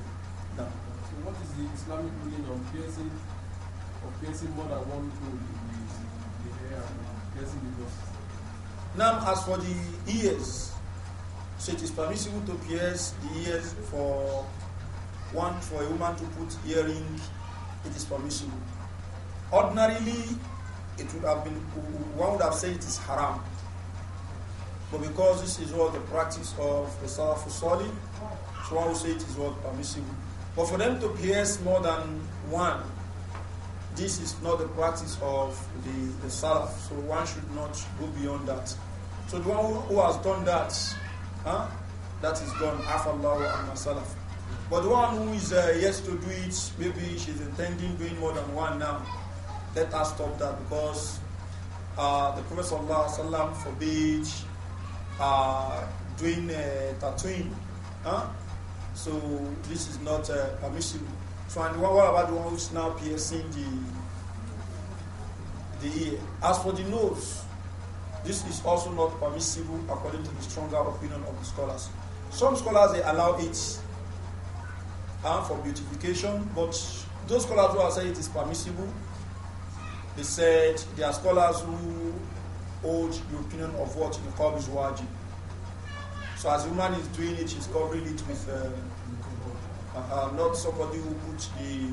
what is the Islamic meaning of piercing, of piercing more than one hole in the, the hair and piercing the nose? Now, as for the ears, so it is permissible to pierce the ears for one, for a woman to put earring, it is permissible. Ordinarily, it would have been, one would have said it is haram. But because this is what the practice of the Salafus Salih, so one would say it is what permissible. But for them to pierce more than one, this is not the practice of the, the Salaf. So one should not go beyond that. So the one who, who has done that, huh, that is done, afallahu the Salaf. But the one who is uh, yet to do it, maybe she's intending doing more than one now. Let us stop that because uh, the Prophet ﷺ forbade uh, doing uh, tattooing. Huh? So this is not uh, permissible. So and what, what about the one who's now piercing the the ear? As for the nose, this is also not permissible according to the stronger opinion of the scholars. Some scholars they allow it uh, for beautification, but those scholars who are saying it is permissible, they said there are scholars who hold the opinion of what the call is wajib. So as a woman is doing it, she's covering it with. Uh, uh, not somebody who puts the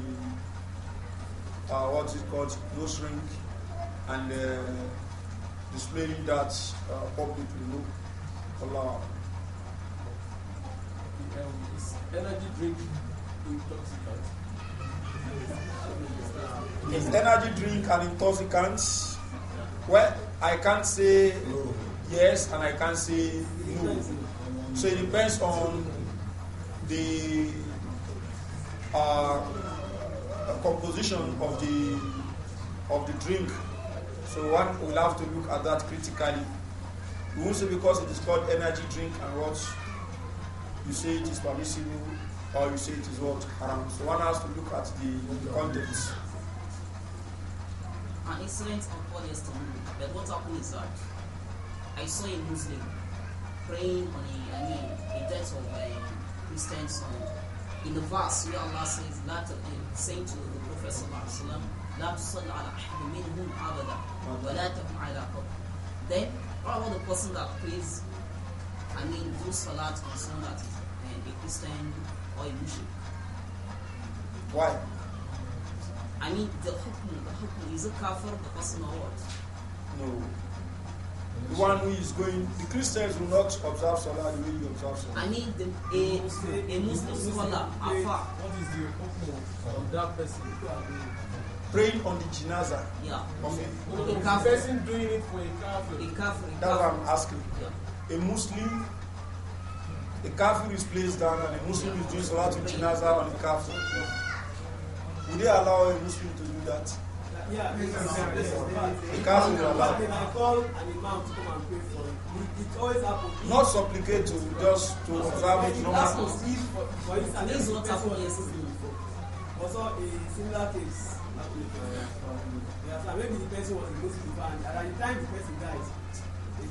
uh, what is called nose ring and uh, displaying that uh, publicly. No, Allah. Um, is energy drink intoxicant? Is energy drink an intoxicant? Well, I can't say no. yes and I can't say no. So it depends on the a composition of the of the drink. So one will have to look at that critically. We Also because it is called energy drink and what you say it is permissible or you say it is what haram. So one has to look at the, the contents. An incident occurred yesterday, but what happened is that I saw a Muslim praying on a, I mean, a death of a Christian son in the verse where Allah says, not to, saying to the Prophet Sallallahu لا تصل على أحد منهم أبدا ولا تقم على قبر Then, all the person that prays, I mean, do salat on someone that is eh, a Christian or a Muslim. Why? I mean, the hukm, the hukm, is a kafir the person or what? No the one who is going, the Christians will not observe Salah the way you observe Salah. I need the, a, a Muslim scholar, Afa. What is the opinion of that person? Praying on the jinaza. Yeah. Okay. okay. The person doing it for a kafir. A kafir. That's what I'm asking. Yeah. A Muslim, a kafir is placed down and a Muslim yeah. is doing Salah to jinaza on a kafir. Would they allow a Muslim to do that? Not supplicate to just to observe it. No matter. For instance, this is what happened yesterday. Also, a similar case happened. Yeah, uh, so maybe the person was a Muslim and at the time the person dies.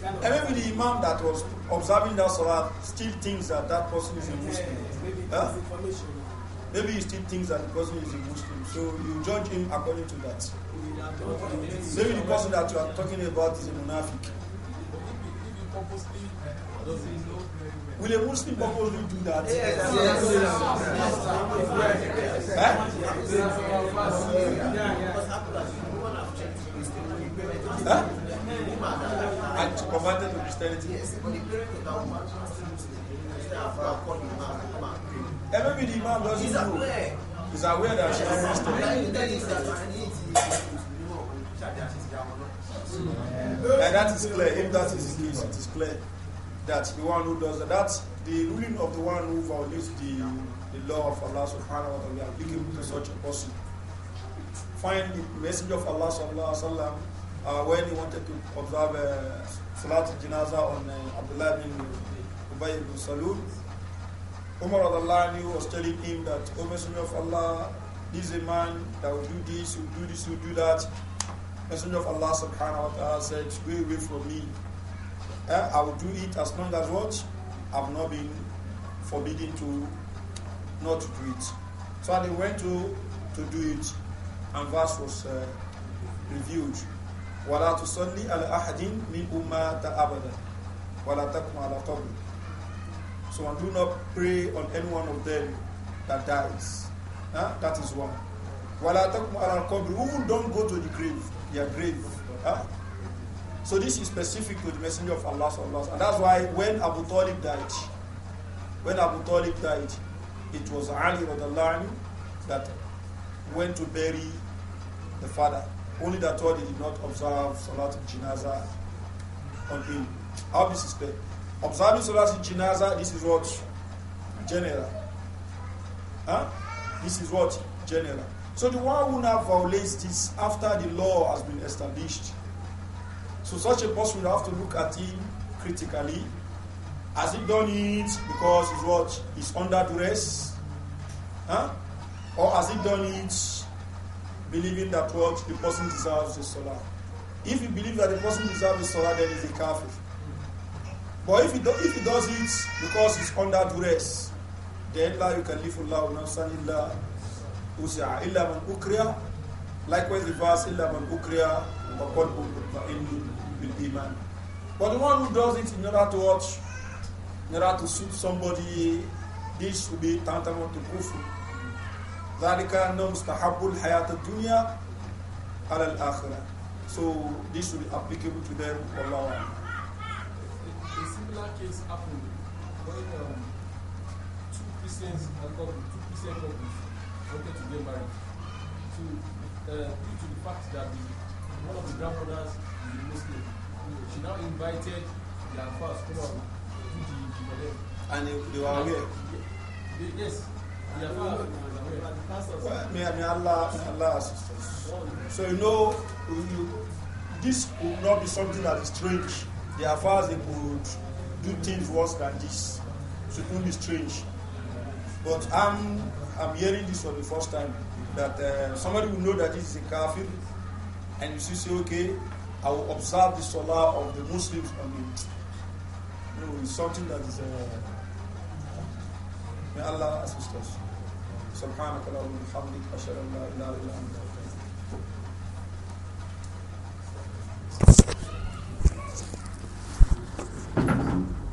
Kind of maybe the imam that was observing that salah still thinks that that person is a Muslim. Yeah, maybe huh? information. Maybe he still thinks that the person is a Muslim, so you judge him according to that. Maybe the person that you are talking about is a monarchic. Will a Muslim purposely do that? Yes. yes. yes. Huh? Huh? And converted to Christianity? Yes, but the that woman, they and maybe the imam doesn't He's know. Aware. He's aware that she's doing this And that is clear. If that is his case, it is clear that the one who does that, that's the ruling of the one who violates the, the law of Allah subhanahu wa ta'ala applicable to such a person. Find the messenger of Allah sallallahu alaihi wasallam uh, when he wanted to observe uh, Salat Janaza on uh, Abdullah bin Ubay bin Salul. Umar Adalani was telling him that, O Messenger of Allah, this is a man that will do this, will do this, will do that. Messenger of Allah subhanahu wa ta'ala said, Go away from me. Eh? I will do it as long as what? I've not been forbidden to not to do it. So they went to, to do it, and verse was uh, reviewed. وَلَا تُصَلِّ عَلَى أَحَدٍ مِنْ أُمَّةَ أَبَدًا وَلَا تَكْمَ عَلَى قَبْرٍ so do not pray on any one of them that dies. Huh? That is one. talk al Who don't go to the grave, their grave. Huh? So this is specific to the Messenger of Allah. And that's why when Abu Talib died, when Abu Talib died, it was Ali anhu that went to bury the father. Only that all did not observe Salat al Jinaza on him. How this is Observing Salat in Jinaza, this is what? General. Huh? This is what? General. So the one who now violates this after the law has been established. So such a person will have to look at him critically. Has he done it because he's under duress? Huh? Or has he done it believing that what the person deserves the solar? If you believe that the person deserves the solar, then he's a kafir. But if he, do, if he does it because he's under duress, then la yukallifullahu nafsan illa usaha illa man ukriya. Likewise the verse illa man ukriya wa qalbun mutma'innun bil But the one who does it in order to watch, in order to suit somebody, this will be tantamount to kufr. ذلك أنه الحياة الدنيا على الآخرة. So this will be applicable to them, Allah particular case happened when um, two Christians and couples, two Christian couples wanted to get married. To, uh, due to the fact that the, one of the grandmothers is a Muslim, she now invited their first to come and do the And they, they were aware? They, yes. The alphas May, Allah, Allah assist us. So you know, you, this will not be something that is strange. The affairs, they could do things worse than this. So it won't be strange. But I'm, I'm hearing this for the first time that uh, somebody will know that this is a kafir, and you say, okay, I will observe the salah of the Muslims I mean, You know, it's something that is. Uh, may Allah assist us. سبحانك اللهم وبحمدك أشهد أن لا إله إلا أنت Thank you.